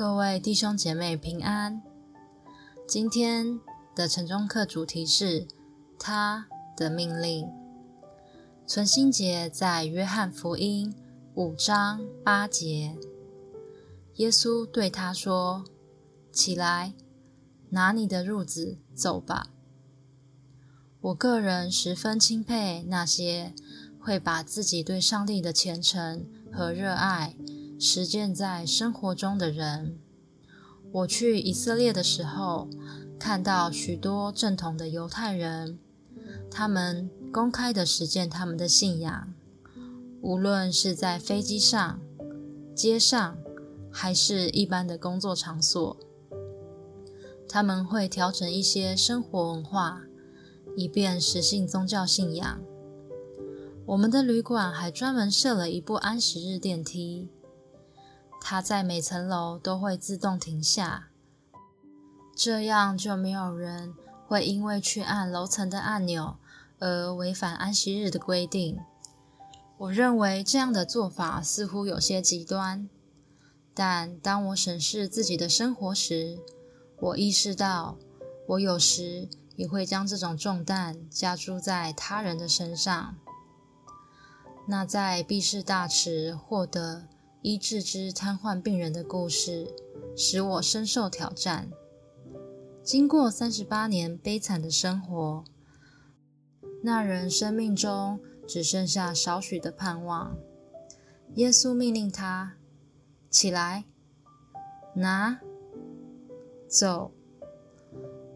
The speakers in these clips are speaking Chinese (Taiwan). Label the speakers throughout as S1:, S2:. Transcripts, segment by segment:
S1: 各位弟兄姐妹平安，今天的晨鐘課主題是祂的命令。存心節在約翰福音五章八節，耶穌對他說：“起來，拿你的褥子走吧。”我個人十分欽佩那些會把自己對上帝的虔誠和熱愛。實踐在生活中的人。我去以色列的時候，看到許多正統的猶太人，他們公開的實踐他們的信仰，無論是在飛機上、街上，還是一般的工作場所，他們會調整一些生活文化，以便實現宗教信仰。我們的旅館還專門設了一部安息日電梯。它在每層樓都會自動停下，這樣就沒有人會因為去按樓層的按鈕而違反安息日的規定。我認為這樣的做法似乎有些極端，但當我審視自己的生活時，我意識到我有時也會將這種重擔加諸在他人的身上。那在畢士大池獲得，醫治之癱瘓病人的故事，使我深受挑戰。經過三十八年悲慘的生活，那人生命中只剩下少許的盼望。耶穌命令他起來，拿，走。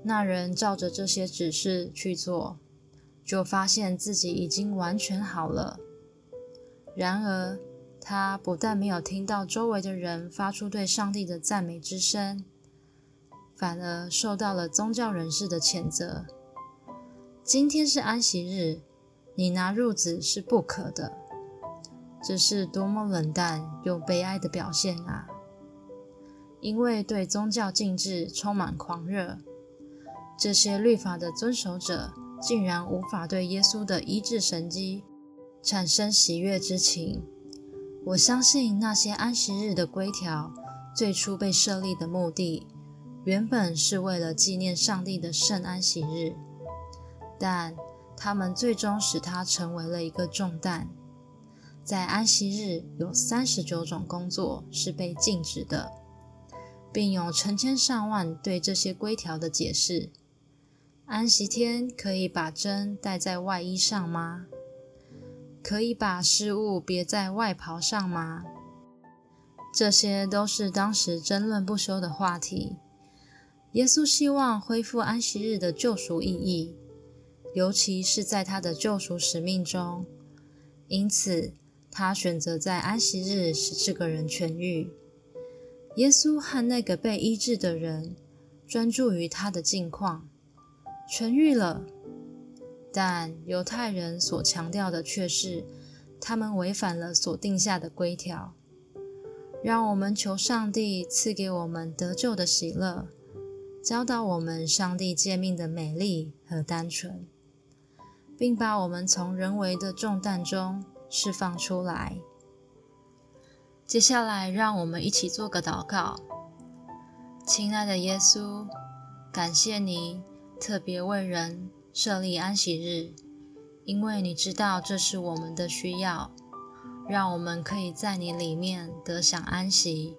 S1: 那人照着這些指示去做，就發現自己已經完全好了。然而，他不但沒有聽到周圍的人發出對上帝的讚美之聲，反而受到了宗教人士的譴責。今天是安息日，你拿褥子是不可的。這是多麼冷淡又悲哀的表現啊！因為對宗教禁制充滿狂熱，這些律法的遵守者竟然無法對耶穌的醫治神蹟產生喜悅之情。我相信那些安息日的規條最初被設立的目的，原本是為了紀念上帝的聖安息日，但它們最終使它成為了一個重擔。在安息日有三十九種工作是被禁止的，並有成千上萬對這些規條的解釋。安息天可以把針戴在外衣上嗎？可以把飾物別在外袍上嗎？這些都是當時爭論不休的話題。耶穌希望恢復安息日的救贖意義，尤其是在他的救贖使命中。因此，他選擇在安息日使這個人痊癒。耶穌和那個被醫治的人專注於他的境況，痊癒了。但猶太人所強調的卻是，他們違反了所定下的規條。讓我們求上帝賜給我們得救的喜樂，教導我們上帝誡命的美麗和單純，並把我們從人為的重擔中釋放出來。接下來，讓我們一起做個禱告。親愛的耶穌，感謝你特別為人，設立安息日，因為你知道這是我們的需要，讓我們可以在你裡面得享安息，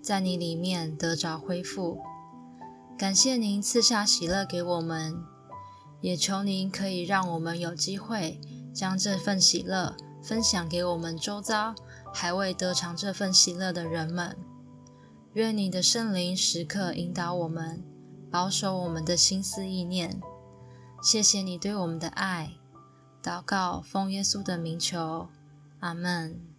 S1: 在你裡面得着恢復。感謝您賜下喜樂給我們，也求您可以讓我們有機會將這份喜樂分享給我們周遭還未得償這份喜樂的人們。願你的聖靈時刻引導我們，保守我們的心思意念。謝謝你對我們的愛，禱告奉耶穌的名求，阿門。